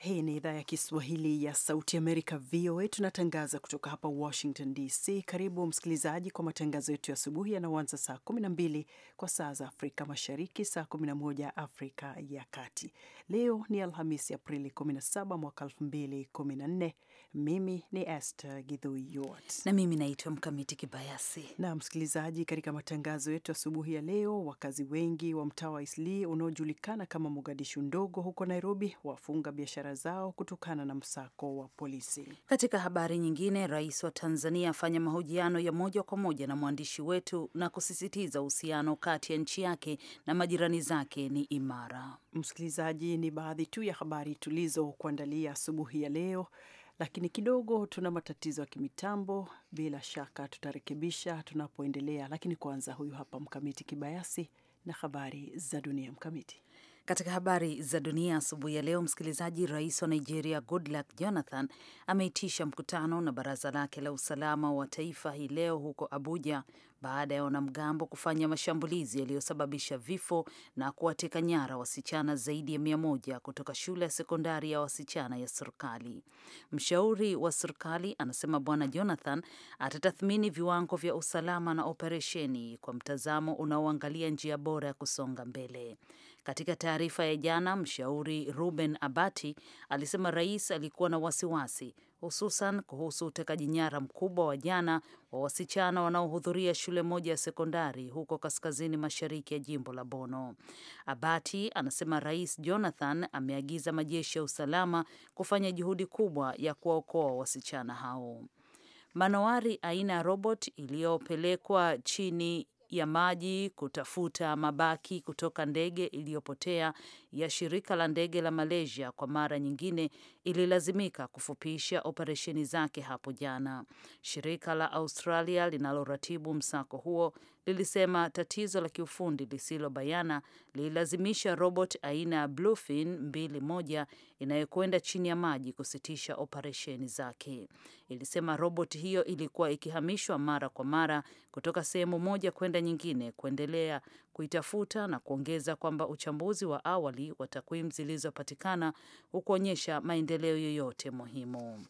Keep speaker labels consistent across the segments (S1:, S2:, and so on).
S1: Hii ni idhaa ya Kiswahili ya Sauti Amerika, VOA. Tunatangaza kutoka hapa Washington DC. Karibu msikilizaji kwa matangazo yetu ya asubuhi yanaoanza saa 12 kwa saa za Afrika Mashariki, saa 11 Afrika ya Kati. Leo ni Alhamisi, Aprili 17 mwaka 2014. Mimi ni Esther Githui na mimi naitwa Mkamiti Kibayasi. Na msikilizaji, katika matangazo yetu asubuhi ya leo, wakazi wengi wa mtaa wa Isli unaojulikana kama Mogadishu ndogo
S2: huko Nairobi wafunga biashara zao kutokana na msako wa polisi. Katika habari nyingine, rais wa Tanzania afanya mahojiano ya moja kwa moja na mwandishi wetu na kusisitiza uhusiano kati ya nchi yake na majirani zake ni imara. Msikilizaji, ni
S1: baadhi tu ya habari tulizokuandalia asubuhi ya leo lakini kidogo tuna matatizo ya kimitambo, bila shaka tutarekebisha tunapoendelea. Lakini kwanza, huyu hapa
S2: Mkamiti Kibayasi na habari za dunia. Mkamiti. Katika habari za dunia asubuhi ya leo, msikilizaji, rais wa Nigeria Goodluck Jonathan ameitisha mkutano na baraza lake la usalama wa taifa hii leo huko Abuja, baada ya wanamgambo kufanya mashambulizi yaliyosababisha vifo na kuwateka nyara wasichana zaidi ya mia moja kutoka shule ya sekondari ya wasichana ya serikali. Mshauri wa serikali anasema Bwana Jonathan atatathmini viwango vya usalama na operesheni kwa mtazamo unaoangalia njia bora ya kusonga mbele. Katika taarifa ya jana, mshauri Ruben Abati alisema rais alikuwa na wasiwasi hususan kuhusu utekaji nyara mkubwa wa jana wa wasichana wanaohudhuria shule moja ya sekondari huko kaskazini mashariki ya jimbo la Bono. Abati anasema Rais Jonathan ameagiza majeshi ya usalama kufanya juhudi kubwa ya kuwaokoa wasichana hao. Manowari aina ya robot iliyopelekwa chini ya maji kutafuta mabaki kutoka ndege iliyopotea ya shirika la ndege la Malaysia kwa mara nyingine ililazimika kufupisha operesheni zake hapo jana. Shirika la Australia linaloratibu msako huo lilisema tatizo la kiufundi lisilo bayana lililazimisha robot aina ya Bluefin 21 inayokwenda chini ya maji kusitisha operesheni zake. Ilisema robot hiyo ilikuwa ikihamishwa mara kwa mara kutoka sehemu moja kwenda nyingine kuendelea kuitafuta na kuongeza kwamba uchambuzi wa awali wa takwimu zilizopatikana hukuonyesha maendeleo yoyote muhimu.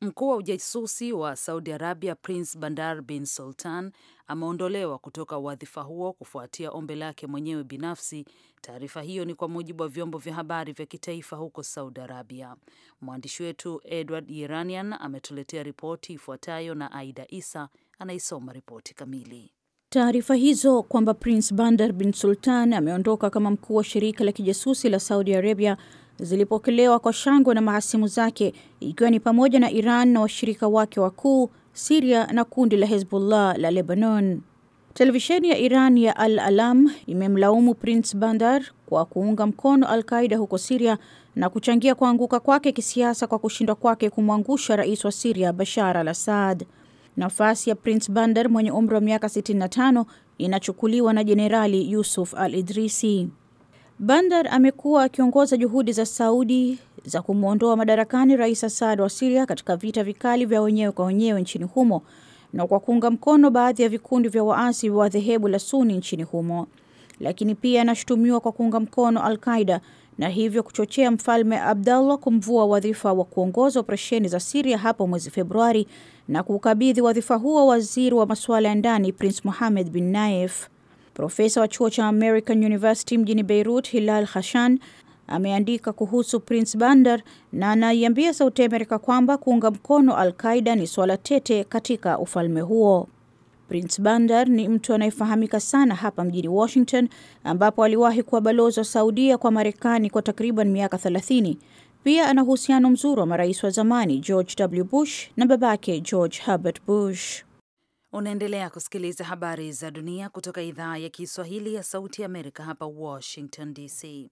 S2: Mkuu wa ujasusi wa Saudi Arabia Prince Bandar bin Sultan ameondolewa kutoka wadhifa huo kufuatia ombi lake mwenyewe binafsi. Taarifa hiyo ni kwa mujibu wa vyombo vya habari vya kitaifa huko Saudi Arabia. Mwandishi wetu Edward iranian ametuletea ripoti ifuatayo na Aida Isa anaisoma ripoti kamili.
S3: Taarifa hizo kwamba Prince Bandar bin Sultan ameondoka kama mkuu wa shirika la kijasusi la Saudi Arabia zilipokelewa kwa shangwe na mahasimu zake ikiwa ni pamoja na Iran na washirika wake wakuu, Siria na kundi la Hezbollah la Lebanon. Televisheni ya Iran ya Al Alam imemlaumu Prince Bandar kwa kuunga mkono Al Qaida huko Siria na kuchangia kuanguka kwake kisiasa kwa kushindwa kwake kumwangusha rais wa Siria Bashar al Assad. Nafasi ya Prince Bandar mwenye umri wa miaka 65 inachukuliwa na Jenerali Yusuf Al Idrisi. Bandar amekuwa akiongoza juhudi za Saudi za kumwondoa madarakani Rais Assad wa Syria katika vita vikali vya wenyewe kwa wenyewe nchini humo na kwa kuunga mkono baadhi ya vikundi vya waasi wa dhehebu la Suni nchini humo, lakini pia anashutumiwa kwa kuunga mkono Al-Qaida na hivyo kuchochea Mfalme abdallah kumvua wadhifa wa kuongoza operesheni za Syria hapo mwezi Februari na kuukabidhi wadhifa huo waziri wa masuala ya ndani Prince Mohammed bin Naif. Profesa wa chuo cha American University mjini Beirut, Hilal Hashan ameandika kuhusu Prince Bandar na anaiambia Sauti ya Amerika kwamba kuunga mkono Al-Qaida ni swala tete katika ufalme huo. Prince Bandar ni mtu anayefahamika sana hapa mjini Washington ambapo aliwahi kuwa balozi wa Saudia kwa Marekani kwa takriban miaka 30. Pia ana uhusiano mzuri wa marais wa zamani George W. Bush na babake George Herbert Bush.
S2: Unaendelea kusikiliza habari za dunia kutoka idhaa ya Kiswahili ya Sauti ya Amerika hapa Washington DC.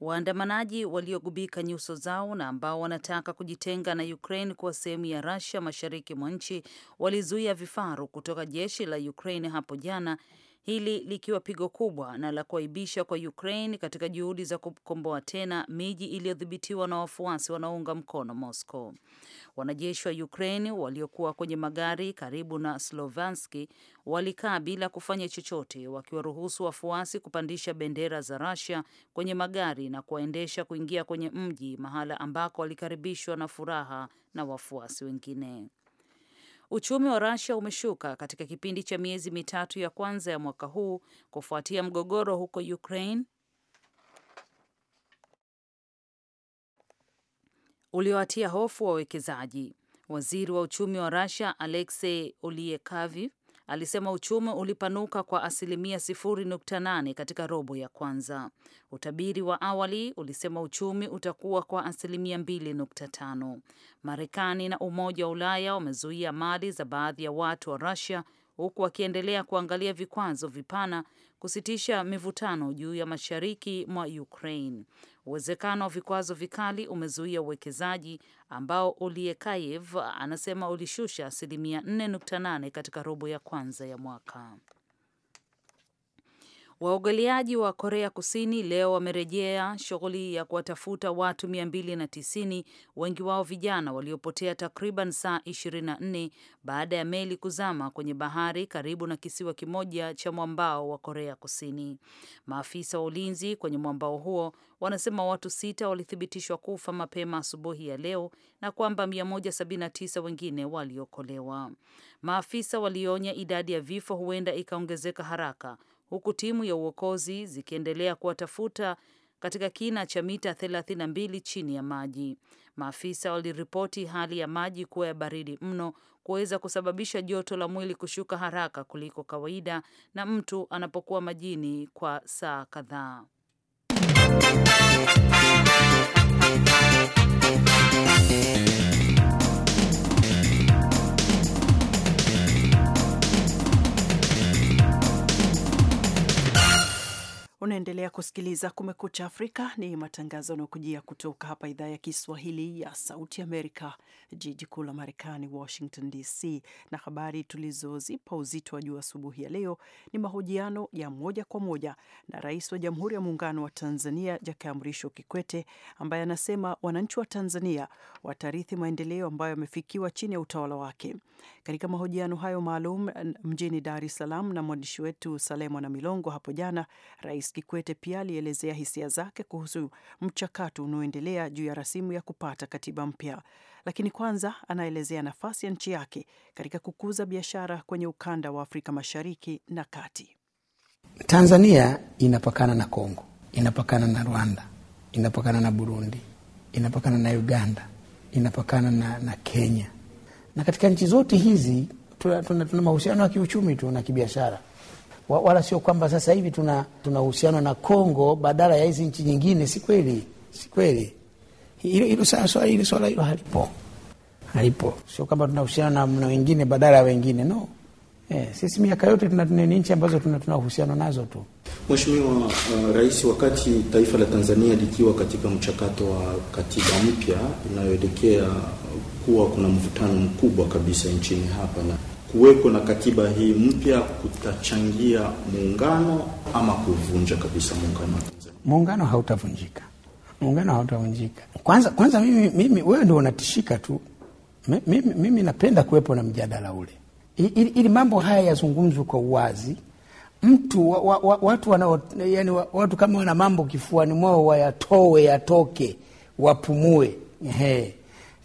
S2: Waandamanaji waliogubika nyuso zao na ambao wanataka kujitenga na Ukraine kuwa sehemu ya Russia mashariki mwa nchi walizuia vifaru kutoka jeshi la Ukraine hapo jana hili likiwa pigo kubwa na la kuaibisha kwa Ukraine katika juhudi za kukomboa tena miji iliyodhibitiwa na wafuasi wanaounga mkono Moscow. Wanajeshi wa Ukraine waliokuwa kwenye magari karibu na Slovanski walikaa bila kufanya chochote, wakiwaruhusu wafuasi kupandisha bendera za Russia kwenye magari na kuwaendesha kuingia kwenye mji, mahala ambako walikaribishwa na furaha na wafuasi wengine. Uchumi wa Russia umeshuka katika kipindi cha miezi mitatu ya kwanza ya mwaka huu kufuatia mgogoro huko Ukraine ulioatia hofu wawekezaji. Waziri wa uchumi wa Russia Alexei uliekavi alisema uchumi ulipanuka kwa asilimia 0.8 katika robo ya kwanza. Utabiri wa awali ulisema uchumi utakuwa kwa asilimia 2.5. Marekani na Umoja wa Ulaya wamezuia mali za baadhi ya watu wa Russia huku wakiendelea kuangalia vikwazo vipana kusitisha mivutano juu ya mashariki mwa Ukraine. Uwezekano wa vikwazo vikali umezuia uwekezaji ambao Uliekayev anasema ulishusha asilimia 4.8 katika robo ya kwanza ya mwaka. Waogeleaji wa Korea Kusini leo wamerejea shughuli ya kuwatafuta watu 290 wengi wao vijana waliopotea takriban saa 24 baada ya meli kuzama kwenye bahari karibu na kisiwa kimoja cha mwambao wa Korea Kusini. Maafisa wa ulinzi kwenye mwambao huo wanasema watu sita walithibitishwa kufa mapema asubuhi ya leo na kwamba 179 wengine waliokolewa. Maafisa walionya idadi ya vifo huenda ikaongezeka haraka huku timu ya uokozi zikiendelea kuwatafuta katika kina cha mita 32 chini ya maji. Maafisa waliripoti hali ya maji kuwa ya baridi mno kuweza kusababisha joto la mwili kushuka haraka kuliko kawaida na mtu anapokuwa majini kwa saa kadhaa.
S1: Unaendelea kusikiliza Kumekucha Afrika, ni matangazo yanayokujia kutoka hapa idhaa ya Kiswahili ya Sauti Amerika, jiji kuu la Marekani, Washington DC. Na habari tulizozipa uzito wa juu asubuhi ya leo ni mahojiano ya moja kwa moja na Rais wa Jamhuri ya Muungano wa Tanzania Jakaya Mrisho Kikwete, ambaye anasema wananchi wa Tanzania watarithi maendeleo ambayo yamefikiwa chini ya utawala wake. Katika mahojiano hayo maalum mjini Dar es Salaam na mwandishi wetu Salema na Milongo hapo jana, Rais Rais Kikwete pia alielezea hisia zake kuhusu mchakato unaoendelea juu ya rasimu ya kupata katiba mpya, lakini kwanza anaelezea nafasi ya nchi yake katika kukuza biashara kwenye ukanda wa Afrika Mashariki na Kati.
S4: Tanzania inapakana na Kongo, inapakana na Rwanda, inapakana na Burundi, inapakana na Uganda, inapakana na, na Kenya, na katika nchi zote hizi tuna, tuna, tuna mahusiano ya kiuchumi tu na kibiashara wala sio kwamba sasa hivi tuna tuna uhusiano na Kongo badala ya hizi nchi nyingine. Si kweli, si kweli. Hilo swala hilo swala hilo halipo, halipo. Sio kwamba tuna uhusiano na wengine badala ya wengine, no. Eh, sisi miaka yote tuna nchi ambazo tuna tuna uhusiano nazo tu.
S5: Mheshimiwa uh, Rais, wakati taifa la Tanzania likiwa katika mchakato wa katiba mpya inayoelekea kuwa kuna mvutano mkubwa kabisa nchini hapa na kuweko na katiba hii mpya kutachangia muungano ama kuvunja kabisa muungano?
S4: Muungano hautavunjika, muungano hautavunjika. Kwanza kwanza, mimi, mimi wewe ndio unatishika tu. Mimi, mimi napenda kuwepo na mjadala ule ili, ili mambo haya yazungumzwe kwa uwazi mtu wa, wa, wa, watu wana, yani wa, watu kama wana mambo kifuani mwao wayatoe, yatoke, wapumue. Ehe,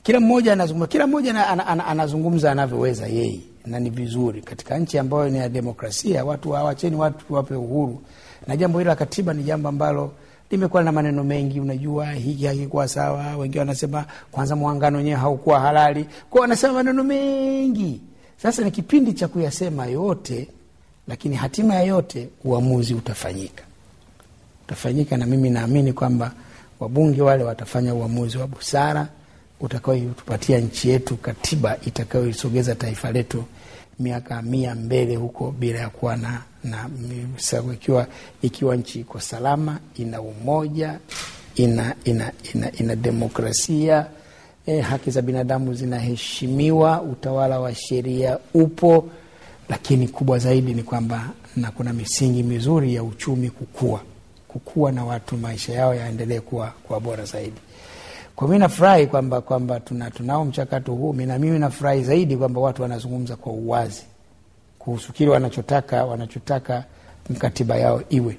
S4: kila mmoja anazungumza, kila mmoja anazungumza anavyoweza yeye na ni vizuri katika nchi ambayo ni ya demokrasia, watu wawacheni watu wape uhuru. Na jambo hili la katiba ni jambo ambalo limekuwa na maneno mengi, unajua hiki hakikuwa sawa. Wengi wanasema kwanza muungano wenyewe haukuwa halali, kwao wanasema maneno mengi. Sasa ni kipindi cha kuyasema yote, lakini hatima ya yote uamuzi utafanyika, utafanyika, na mimi naamini kwamba wabunge wale watafanya uamuzi wa busara utakaotupatia nchi yetu katiba itakayoisogeza taifa letu miaka mia mbele huko bila ya kuwa na, na ikiwa, ikiwa nchi iko salama, ina umoja, ina, ina, ina, ina demokrasia eh, haki za binadamu zinaheshimiwa, utawala wa sheria upo, lakini kubwa zaidi ni kwamba na kuna misingi mizuri ya uchumi kukua kukua na watu maisha yao yaendelee kuwa, kuwa bora zaidi. Kwa mi nafurahi kwamba kwamba tuna, tunao mchakato huu, na mimi nafurahi zaidi kwamba watu wanazungumza kwa uwazi kuhusu kile wanachotaka wanachotaka mkatiba yao iwe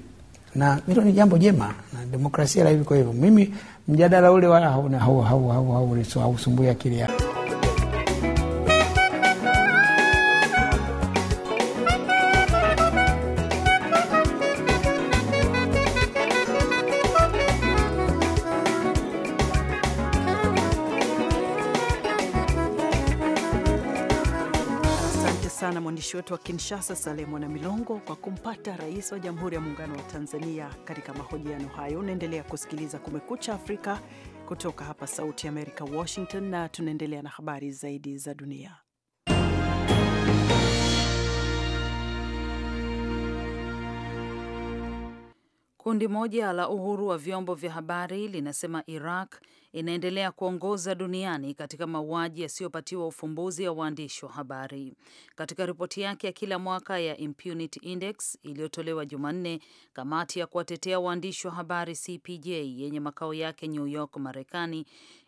S4: na hilo ni jambo jema na demokrasia la hivi. Kwa hivyo mimi mjadala ule wala hausumbui akili yao.
S1: sana mwandishi wetu wa Kinshasa, Saleh Mwana Milongo, kwa kumpata rais wa Jamhuri ya Muungano wa Tanzania katika mahojiano hayo. Unaendelea kusikiliza Kumekucha Afrika kutoka hapa Sauti ya Amerika, Washington, na tunaendelea na habari zaidi za dunia.
S2: Kundi moja la uhuru wa vyombo vya habari linasema Iraq inaendelea kuongoza duniani katika mauaji yasiyopatiwa ufumbuzi ya waandishi wa habari. Katika ripoti yake ya kila mwaka ya Impunity Index iliyotolewa Jumanne, kamati ya kuwatetea waandishi wa habari CPJ yenye makao yake New York, Marekani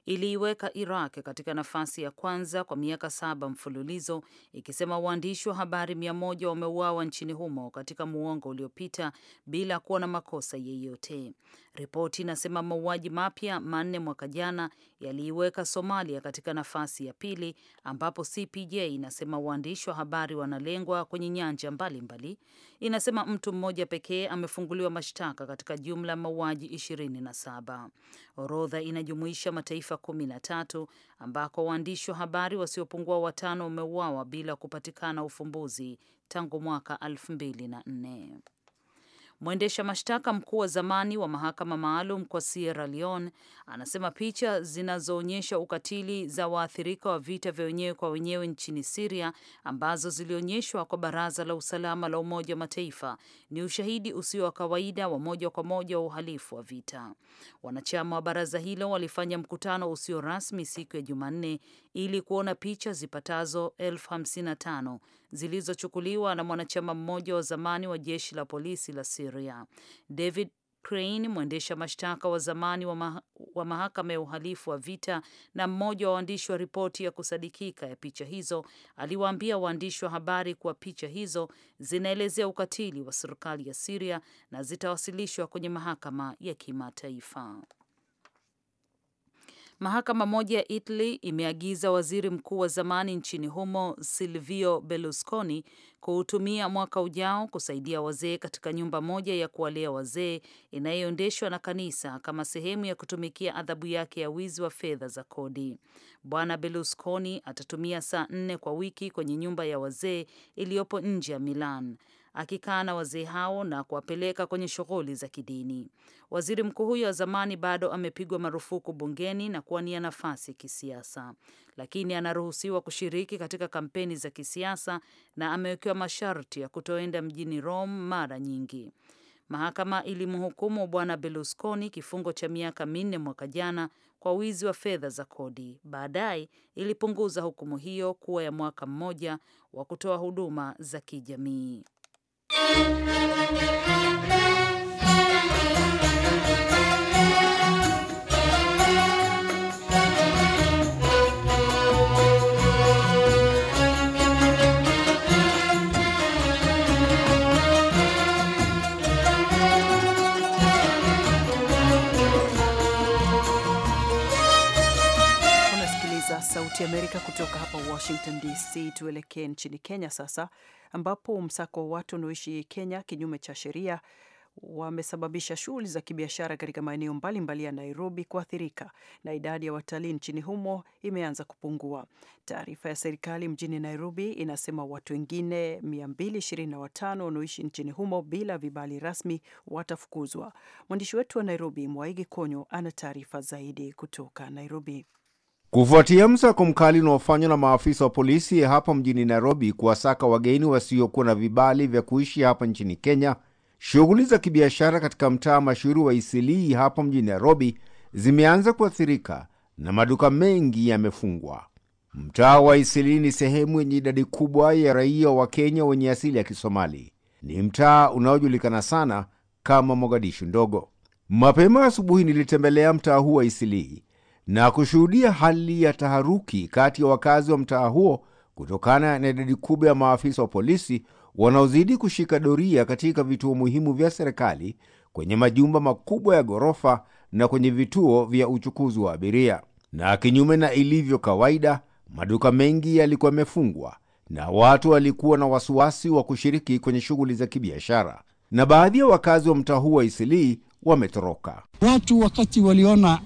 S2: iliiweka Iraq katika nafasi ya kwanza kwa miaka saba mfululizo, ikisema waandishi wa habari mia moja wameuawa nchini humo katika muongo uliopita bila kuwa na makosa yeyote. Ripoti inasema mauaji mapya manne mwaka jana yaliiweka Somalia katika nafasi ya pili, ambapo CPJ inasema waandishi wa habari wanalengwa kwenye nyanja mbalimbali mbali. Inasema mtu mmoja pekee amefunguliwa mashtaka katika jumla ya mauaji 27. Orodha inajumuisha mataifa kumi na tatu ambako waandishi wa habari wasiopungua watano wameuawa bila kupatikana ufumbuzi tangu mwaka nne Mwendesha mashtaka mkuu wa zamani wa mahakama maalum kwa Sierra Leone anasema picha zinazoonyesha ukatili za waathirika wa vita vya wenyewe kwa wenyewe nchini Siria ambazo zilionyeshwa kwa Baraza la Usalama la Umoja wa Mataifa ni ushahidi usio wa kawaida wa moja kwa moja wa uhalifu wa vita. Wanachama wa baraza hilo walifanya mkutano usio rasmi siku ya Jumanne ili kuona picha zipatazo elfu hamsini na tano zilizochukuliwa na mwanachama mmoja wa zamani wa jeshi la polisi la Siria. David Crane, mwendesha mashtaka wa zamani wa, maha, wa mahakama ya uhalifu wa vita na mmoja wa waandishi wa ripoti ya kusadikika ya picha hizo, aliwaambia waandishi wa habari kuwa picha hizo zinaelezea ukatili wa serikali ya Syria na zitawasilishwa kwenye mahakama ya kimataifa. Mahakama moja ya Italy imeagiza waziri mkuu wa zamani nchini humo Silvio Berlusconi kuutumia mwaka ujao kusaidia wazee katika nyumba moja ya kuwalea wazee inayoendeshwa na kanisa kama sehemu ya kutumikia adhabu yake ya wizi wa fedha za kodi. Bwana Berlusconi atatumia saa nne kwa wiki kwenye nyumba ya wazee iliyopo nje ya Milan akikaa na wazee hao na kuwapeleka kwenye shughuli za kidini. Waziri mkuu huyo wa zamani bado amepigwa marufuku bungeni na kuwania nafasi kisiasa, lakini anaruhusiwa kushiriki katika kampeni za kisiasa na amewekewa masharti ya kutoenda mjini Rome mara nyingi. Mahakama ilimhukumu bwana Berlusconi kifungo cha miaka minne mwaka jana kwa wizi wa fedha za kodi. Baadaye ilipunguza hukumu hiyo kuwa ya mwaka mmoja wa kutoa huduma za kijamii. Thank you.
S1: Sauti Amerika kutoka hapa Washington DC. Tuelekee nchini Kenya sasa, ambapo msako wa watu wanaoishi Kenya kinyume cha sheria wamesababisha shughuli za kibiashara katika maeneo mbalimbali ya Nairobi kuathirika na idadi ya watalii nchini humo imeanza kupungua. Taarifa ya serikali mjini Nairobi inasema watu wengine 225 wanaoishi nchini humo bila vibali rasmi watafukuzwa. Mwandishi wetu wa Nairobi, Mwaigi Konyo, ana taarifa zaidi kutoka Nairobi.
S5: Kufuatia msako mkali unaofanywa na maafisa wa polisi hapa mjini Nairobi kuwasaka wageni wasiokuwa na vibali vya kuishi hapa nchini Kenya, shughuli za kibiashara katika mtaa mashuhuri wa Isilii hapa mjini Nairobi zimeanza kuathirika na maduka mengi yamefungwa. Mtaa wa Isilii ni sehemu yenye idadi kubwa ya raia wa Kenya wenye asili ya Kisomali. Ni mtaa unaojulikana sana kama Mogadishu ndogo. Mapema asubuhi nilitembelea mtaa huu wa Isilii na kushuhudia hali ya taharuki kati ya wakazi wa mtaa huo kutokana na idadi kubwa ya maafisa wa polisi wanaozidi kushika doria katika vituo muhimu vya serikali, kwenye majumba makubwa ya ghorofa na kwenye vituo vya uchukuzi wa abiria. Na kinyume na ilivyo kawaida, maduka mengi yalikuwa yamefungwa na watu walikuwa na wasiwasi wa kushiriki kwenye shughuli za kibiashara, na baadhi ya wakazi wa mtaa huu wa Isilii wametoroka. Watu wakati
S4: waliona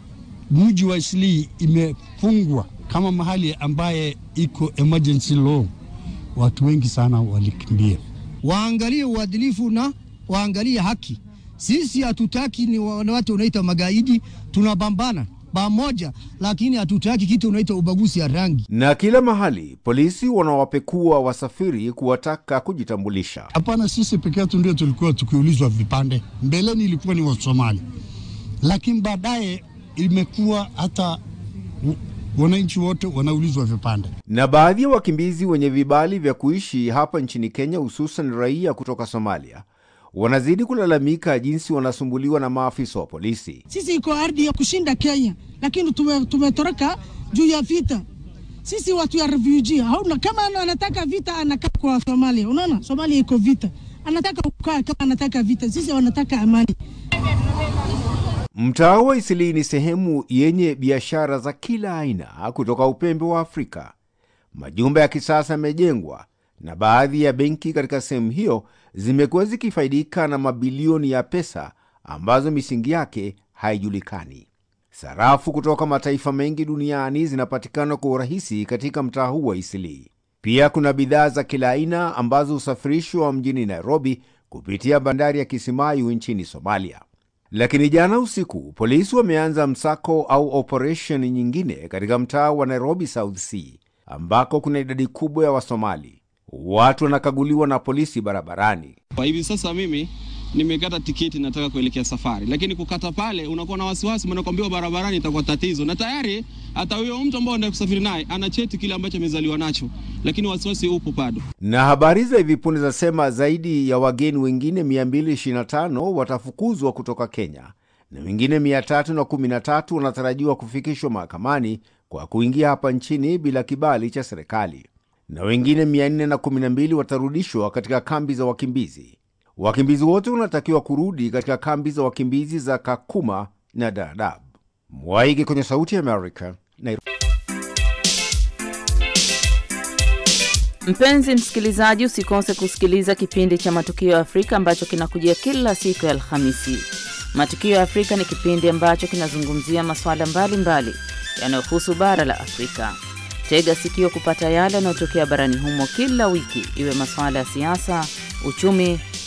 S4: mji wa Isli imefungwa kama mahali ambaye iko emergency law. Watu wengi sana walikimbia. Waangalie uadilifu na waangalie haki. Sisi hatutaki ni watu unaita magaidi, tunapambana pamoja lakini hatutaki kitu unaita ubaguzi ya rangi.
S5: Na kila mahali polisi wanawapekua wasafiri kuwataka kujitambulisha.
S4: Hapana, sisi peke yetu ndio tulikuwa tukiulizwa vipande. Mbeleni ilikuwa ni Wasomali, lakini baadaye imekuwa hata wananchi wote wanaulizwa vipande.
S5: Na baadhi ya wakimbizi wenye vibali vya kuishi hapa nchini Kenya, hususan raia kutoka Somalia, wanazidi kulalamika jinsi wanasumbuliwa na maafisa wa polisi.
S3: Sisi iko ardhi ya kushinda Kenya, lakini tumetoroka juu ya vita. Sisi watu ya refugee hauna, kama anataka vita anakaa kwa Somalia. Unaona, Somalia iko vita, anataka kukaa kama anataka vita. Sisi wanataka amani.
S5: Mtaa wa Isili ni sehemu yenye biashara za kila aina kutoka upembe wa Afrika. Majumba ya kisasa yamejengwa na baadhi ya benki katika sehemu hiyo zimekuwa zikifaidika na mabilioni ya pesa ambazo misingi yake haijulikani. Sarafu kutoka mataifa mengi duniani zinapatikana kwa urahisi katika mtaa huu wa Isili. Pia kuna bidhaa za kila aina ambazo husafirishwa mjini Nairobi kupitia bandari ya Kisimayu nchini Somalia. Lakini jana usiku polisi wameanza msako au operesheni nyingine katika mtaa wa Nairobi South C ambako kuna idadi kubwa ya Wasomali. Watu wanakaguliwa na polisi barabarani. Kwa hivi
S4: sasa mimi nimekata tiketi, nataka kuelekea safari, lakini kukata pale unakuwa na wasiwasi, kwambiwa barabarani itakuwa tatizo, na tayari hata huyo mtu ambao ndio kusafiri naye ana cheti kile ambacho amezaliwa nacho, lakini wasiwasi upo bado.
S5: Na habari za hivi punde zasema zaidi ya wageni wengine 225 watafukuzwa kutoka Kenya na wengine 313 wanatarajiwa kufikishwa mahakamani kwa kuingia hapa nchini bila kibali cha serikali, na wengine 412 watarudishwa katika kambi za wakimbizi Wakimbizi wote wanatakiwa kurudi katika kambi za wakimbizi za Kakuma na dadab
S2: Mwaigi kwenye
S5: Sauti Amerika,
S2: Mpenzi msikilizaji, usikose kusikiliza kipindi cha Matukio ya Afrika ambacho kinakujia kila siku ya Alhamisi. Matukio ya Afrika ni kipindi ambacho kinazungumzia masuala mbalimbali yanayohusu bara la Afrika. Tega sikio kupata yale yanayotokea barani humo kila wiki, iwe masuala ya siasa, uchumi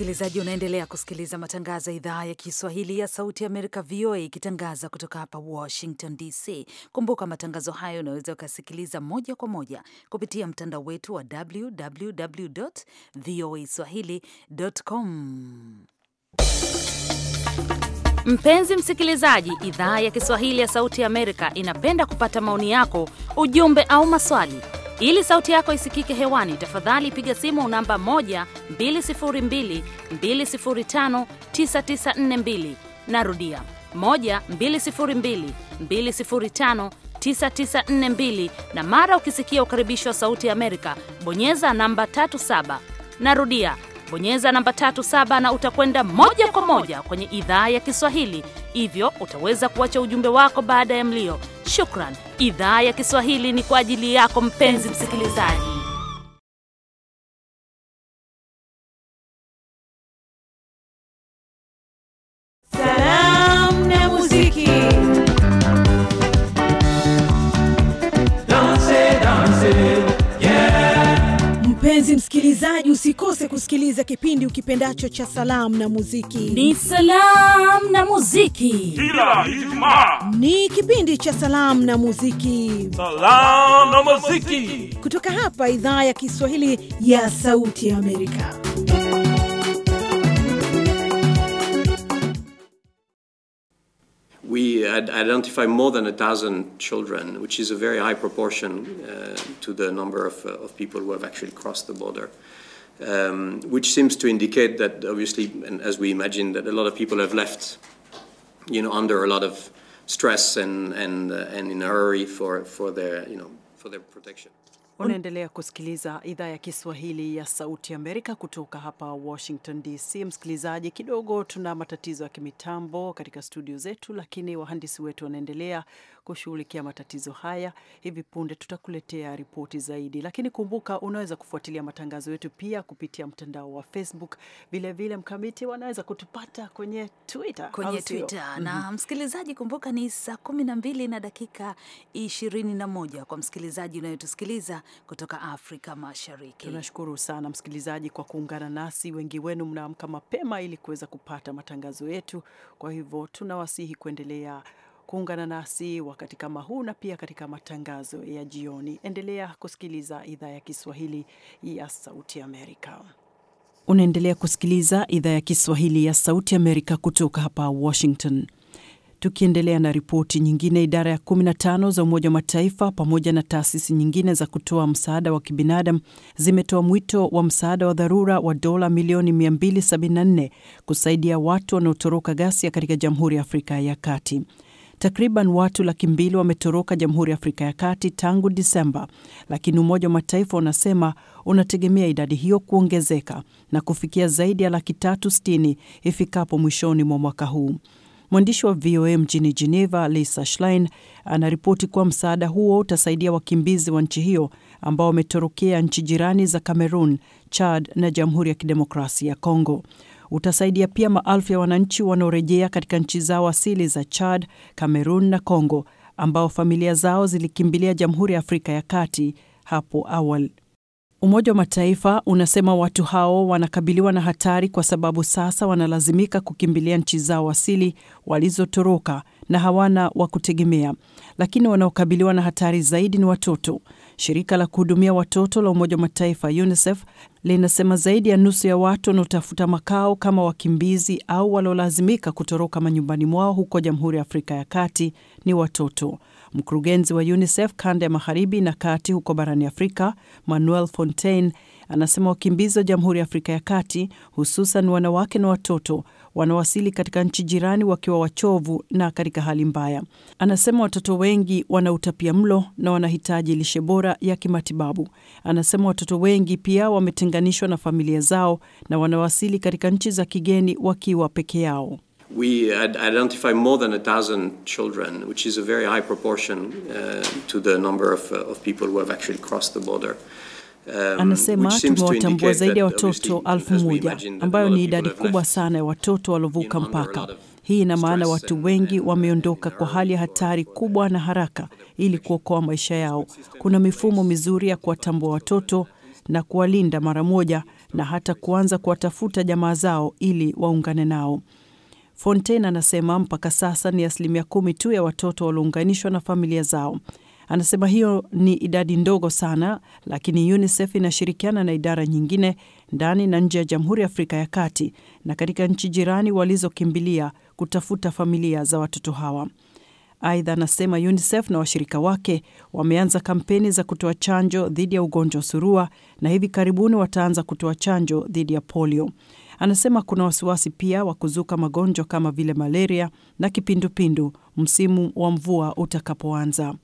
S2: Msikilizaji, unaendelea kusikiliza matangazo ya idhaa ya Kiswahili ya Sauti ya Amerika, VOA, ikitangaza kutoka hapa Washington DC. Kumbuka matangazo hayo unaweza ukasikiliza moja kwa moja kupitia mtandao wetu wa www voa swahili.com. Mpenzi msikilizaji, idhaa ya Kiswahili ya Sauti ya Amerika inapenda kupata maoni yako, ujumbe au maswali. Ili sauti yako isikike hewani, tafadhali piga simu namba 12022059942. Narudia 12022059942, na mara ukisikia ukaribisho wa Sauti ya Amerika bonyeza namba 37. Narudia bonyeza namba 37 na utakwenda moja kwa moja kwenye idhaa ya Kiswahili. Hivyo utaweza kuacha ujumbe wako baada ya mlio. Shukran. Idhaa ya Kiswahili ni kwa ajili yako mpenzi msikilizaji.
S1: msikilizaji, usikose kusikiliza kipindi ukipendacho cha salamu na muziki. Ni salamu na muziki
S2: kila Ijumaa.
S1: Ni kipindi cha salamu na muziki,
S2: na muziki,
S1: kutoka hapa idhaa ya Kiswahili ya Sauti ya Amerika.
S6: we identify more than a thousand children, which is a very high proportion uh, to the number of, uh, of people who have actually crossed the border. um, which seems to indicate that obviously, and as we imagine, that a lot of people have left, you know, under a lot of stress and and uh, and in a hurry for for their you
S3: know for their protection.
S1: Unaendelea kusikiliza idhaa ya Kiswahili ya Sauti Amerika kutoka hapa Washington DC. Msikilizaji, kidogo tuna matatizo ya kimitambo katika studio zetu, lakini wahandisi wetu wanaendelea kushughulikia matatizo haya. Hivi punde tutakuletea ripoti zaidi, lakini kumbuka, unaweza kufuatilia matangazo yetu pia kupitia mtandao wa Facebook. Vilevile Mkamiti, wanaweza kutupata kwenye Twitter, kwenye Twitter. Mm -hmm. Na mhm.
S2: msikilizaji, kumbuka ni saa kumi na mbili na dakika ishirini na moja kwa msikilizaji unayotusikiliza kutoka Afrika Mashariki. Tunashukuru sana msikilizaji kwa
S1: kuungana nasi. Wengi wenu mnaamka mapema ili kuweza kupata matangazo yetu, kwa hivyo tunawasihi kuendelea kuungana nasi wakati kama huu na pia katika matangazo ya jioni. Endelea kusikiliza idhaa ya Kiswahili ya Sauti Amerika. Unaendelea kusikiliza idhaa ya Kiswahili ya Sauti Amerika kutoka hapa Washington. Tukiendelea na ripoti nyingine, idara ya 15 za Umoja wa Mataifa pamoja na taasisi nyingine za kutoa msaada wa kibinadamu zimetoa mwito wa msaada wa dharura wa dola milioni 274 kusaidia watu wanaotoroka ghasia katika Jamhuri ya Afrika ya Kati. Takriban watu laki mbili wametoroka Jamhuri ya Afrika ya Kati tangu Disemba, lakini Umoja wa Mataifa unasema unategemea idadi hiyo kuongezeka na kufikia zaidi ya laki tatu sitini ifikapo mwishoni mwa mwaka huu. Mwandishi wa VOA mjini Geneva, Lisa Schlein, anaripoti kuwa msaada huo utasaidia wakimbizi wa nchi hiyo ambao wametorokea nchi jirani za Cameroon, Chad na Jamhuri ya Kidemokrasia ya Kongo utasaidia pia maelfu ya wananchi wanaorejea katika nchi zao asili za Chad, cameron na Congo ambao familia zao zilikimbilia Jamhuri ya Afrika ya Kati hapo awali. Umoja wa Mataifa unasema watu hao wanakabiliwa na hatari kwa sababu sasa wanalazimika kukimbilia nchi zao asili walizotoroka na hawana wa kutegemea, lakini wanaokabiliwa na hatari zaidi ni watoto. Shirika la kuhudumia watoto la Umoja wa Mataifa UNICEF linasema zaidi ya nusu ya watu wanaotafuta makao kama wakimbizi au waliolazimika kutoroka manyumbani mwao huko Jamhuri ya Afrika ya Kati ni watoto. Mkurugenzi wa UNICEF kanda ya magharibi na kati huko barani Afrika, Manuel Fontaine, Anasema wakimbizi wa Jamhuri ya Afrika ya Kati, hususan wanawake na watoto, wanawasili katika nchi jirani wakiwa wachovu na katika hali mbaya. Anasema watoto wengi wana utapia mlo na wanahitaji lishe bora ya kimatibabu. Anasema watoto wengi pia wametenganishwa na familia zao na wanawasili katika nchi za kigeni wakiwa peke yao.
S6: We identify more than a children, which is a very high proportion uh, to the number of, uh,
S3: of people who have actually crossed the border. Um, anasema tumewatambua zaidi ya watoto
S1: elfu moja ambayo ni idadi kubwa sana ya watoto waliovuka mpaka. Hii ina maana watu wengi uh, wameondoka kwa hali ya hatari kubwa na haraka ili kuokoa maisha yao. Kuna mifumo mizuri ya kuwatambua watoto na kuwalinda mara moja na hata kuanza kuwatafuta jamaa zao ili waungane nao. Fontaine anasema mpaka sasa ni asilimia kumi tu ya watoto waliounganishwa na familia zao. Anasema hiyo ni idadi ndogo sana, lakini UNICEF inashirikiana na idara nyingine ndani na nje ya Jamhuri ya Afrika ya Kati na katika nchi jirani walizokimbilia kutafuta familia za watoto hawa. Aidha, anasema UNICEF na washirika wake wameanza kampeni za kutoa chanjo dhidi ya ugonjwa wa surua na hivi karibuni wataanza kutoa chanjo dhidi ya polio. Anasema kuna wasiwasi pia wa kuzuka magonjwa kama vile malaria na kipindupindu msimu wa mvua utakapoanza.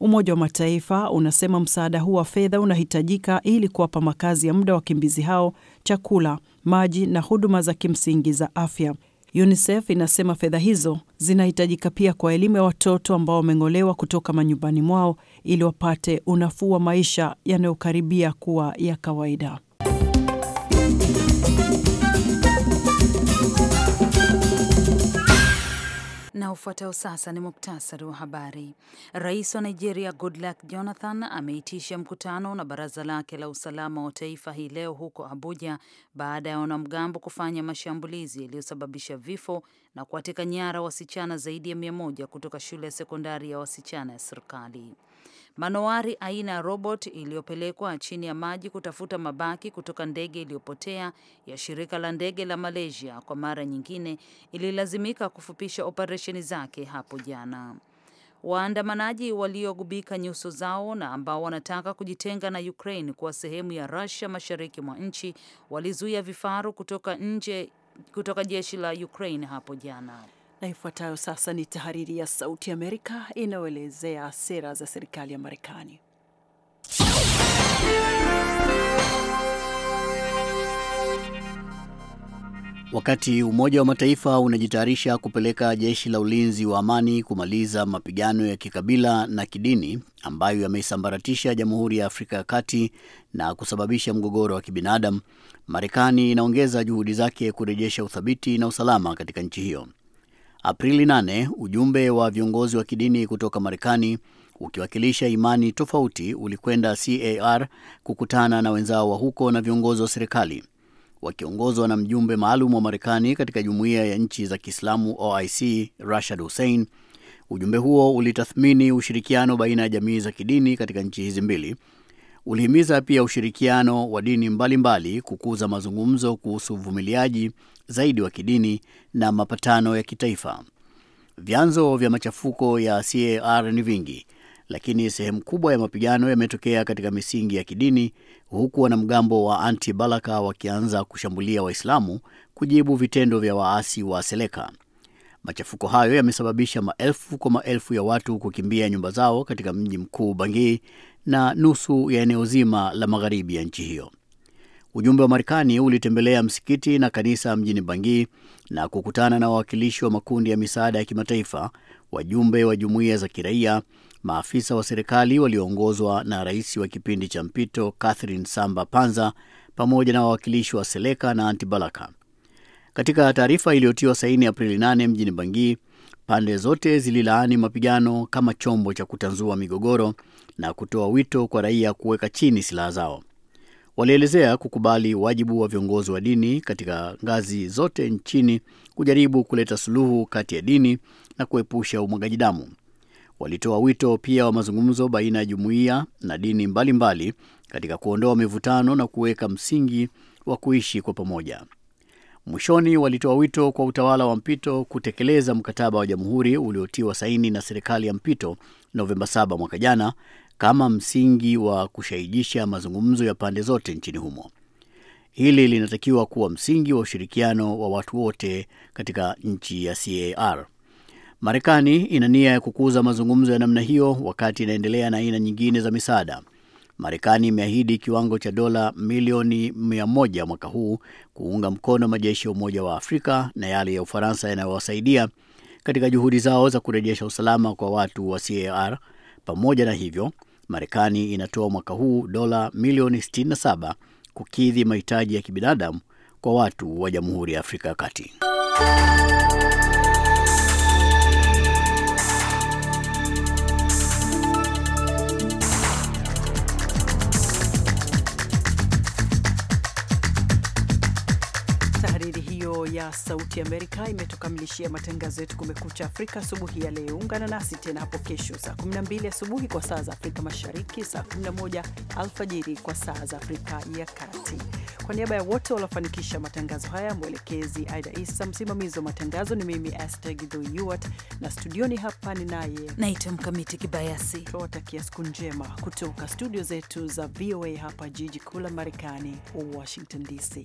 S1: Umoja wa Mataifa unasema msaada huu wa fedha unahitajika ili kuwapa makazi ya muda wa wakimbizi hao, chakula, maji na huduma za kimsingi za afya. UNICEF inasema fedha hizo zinahitajika pia kwa elimu ya watoto ambao wameng'olewa kutoka manyumbani mwao ili wapate unafuu wa maisha yanayokaribia kuwa ya kawaida.
S2: Na ufuatao sasa ni muktasari wa habari. Rais wa Nigeria Goodluck Jonathan ameitisha mkutano na baraza lake la usalama wa taifa hii leo huko Abuja baada ya wanamgambo kufanya mashambulizi yaliyosababisha vifo na kuwateka nyara wasichana zaidi ya mia moja kutoka shule ya sekondari ya wasichana ya serikali. Manowari aina ya robot iliyopelekwa chini ya maji kutafuta mabaki kutoka ndege iliyopotea ya shirika la ndege la Malaysia kwa mara nyingine ililazimika kufupisha operesheni zake hapo jana. Waandamanaji waliogubika nyuso zao na ambao wanataka kujitenga na Ukraine kuwa sehemu ya Russia mashariki mwa nchi walizuia vifaru kutoka nje kutoka jeshi la Ukraine hapo jana.
S1: Na ifuatayo sasa ni tahariri ya Sauti Amerika inayoelezea sera za serikali ya Marekani.
S6: Wakati Umoja wa Mataifa unajitayarisha kupeleka jeshi la ulinzi wa amani kumaliza mapigano ya kikabila na kidini ambayo yameisambaratisha Jamhuri ya Afrika ya Kati na kusababisha mgogoro wa kibinadamu, Marekani inaongeza juhudi zake kurejesha uthabiti na usalama katika nchi hiyo. Aprili 8 ujumbe wa viongozi wa kidini kutoka Marekani ukiwakilisha imani tofauti ulikwenda CAR kukutana na wenzao wa huko na viongozi wa serikali wakiongozwa na mjumbe maalum wa Marekani katika jumuiya ya nchi za Kiislamu OIC Rashad Hussein. Ujumbe huo ulitathmini ushirikiano baina ya jamii za kidini katika nchi hizi mbili. Ulihimiza pia ushirikiano wa dini mbalimbali mbali, kukuza mazungumzo kuhusu uvumiliaji zaidi wa kidini na mapatano ya kitaifa. Vyanzo vya machafuko ya CAR ni vingi, lakini sehemu kubwa ya mapigano yametokea katika misingi ya kidini, huku wanamgambo wa anti balaka wakianza kushambulia Waislamu kujibu vitendo vya waasi wa Seleka. Machafuko hayo yamesababisha maelfu kwa maelfu ya watu kukimbia nyumba zao katika mji mkuu Bangui na nusu ya eneo zima la magharibi ya nchi hiyo. Ujumbe wa Marekani ulitembelea msikiti na kanisa mjini Bangui na kukutana na wawakilishi wa makundi ya misaada ya kimataifa, wajumbe wa jumuiya za kiraia, maafisa wa serikali walioongozwa na rais wa kipindi cha mpito Catherine Samba Panza pamoja na wawakilishi wa Seleka na Antibalaka. Katika taarifa iliyotiwa saini Aprili 8 mjini Bangui, pande zote zililaani mapigano kama chombo cha kutanzua migogoro na kutoa wito kwa raia kuweka chini silaha zao. Walielezea kukubali wajibu wa viongozi wa dini katika ngazi zote nchini kujaribu kuleta suluhu kati ya dini na kuepusha umwagaji damu. Walitoa wito pia wa mazungumzo baina ya jumuiya na dini mbalimbali mbali katika kuondoa mivutano na kuweka msingi wa kuishi kwa pamoja. Mwishoni walitoa wito kwa utawala wa mpito kutekeleza mkataba wa jamhuri uliotiwa saini na serikali ya mpito Novemba 7 mwaka jana kama msingi wa kushahidisha mazungumzo ya pande zote nchini humo. Hili linatakiwa kuwa msingi wa ushirikiano wa watu wote katika nchi ya CAR. Marekani ina nia ya kukuza mazungumzo ya namna hiyo wakati inaendelea na aina nyingine za misaada. Marekani imeahidi kiwango cha dola milioni 100 mwaka huu kuunga mkono majeshi ya Umoja wa Afrika na yale ya Ufaransa yanayowasaidia katika juhudi zao za kurejesha usalama kwa watu wa CAR pamoja na hivyo, Marekani inatoa mwaka huu dola milioni 67 kukidhi mahitaji ya kibinadamu kwa watu wa Jamhuri ya Afrika ya Kati.
S1: ya Sauti Amerika imetukamilishia matangazo yetu Kumekucha Afrika asubuhi ya leo. Ungana nasi tena hapo kesho saa 12 asubuhi kwa saa za Afrika Mashariki, saa 11 alfajiri kwa saa za Afrika ya Kati. Kwa niaba ya wote waliofanikisha matangazo haya, mwelekezi Aida Isa, msimamizi wa matangazo ni mimi Aster Gidhyuat, na studioni hapa ni naye naitwa Mkamiti Kibayasi. Tunawatakia siku njema kutoka studio zetu za VOA hapa jiji kuu la Marekani, Washington DC.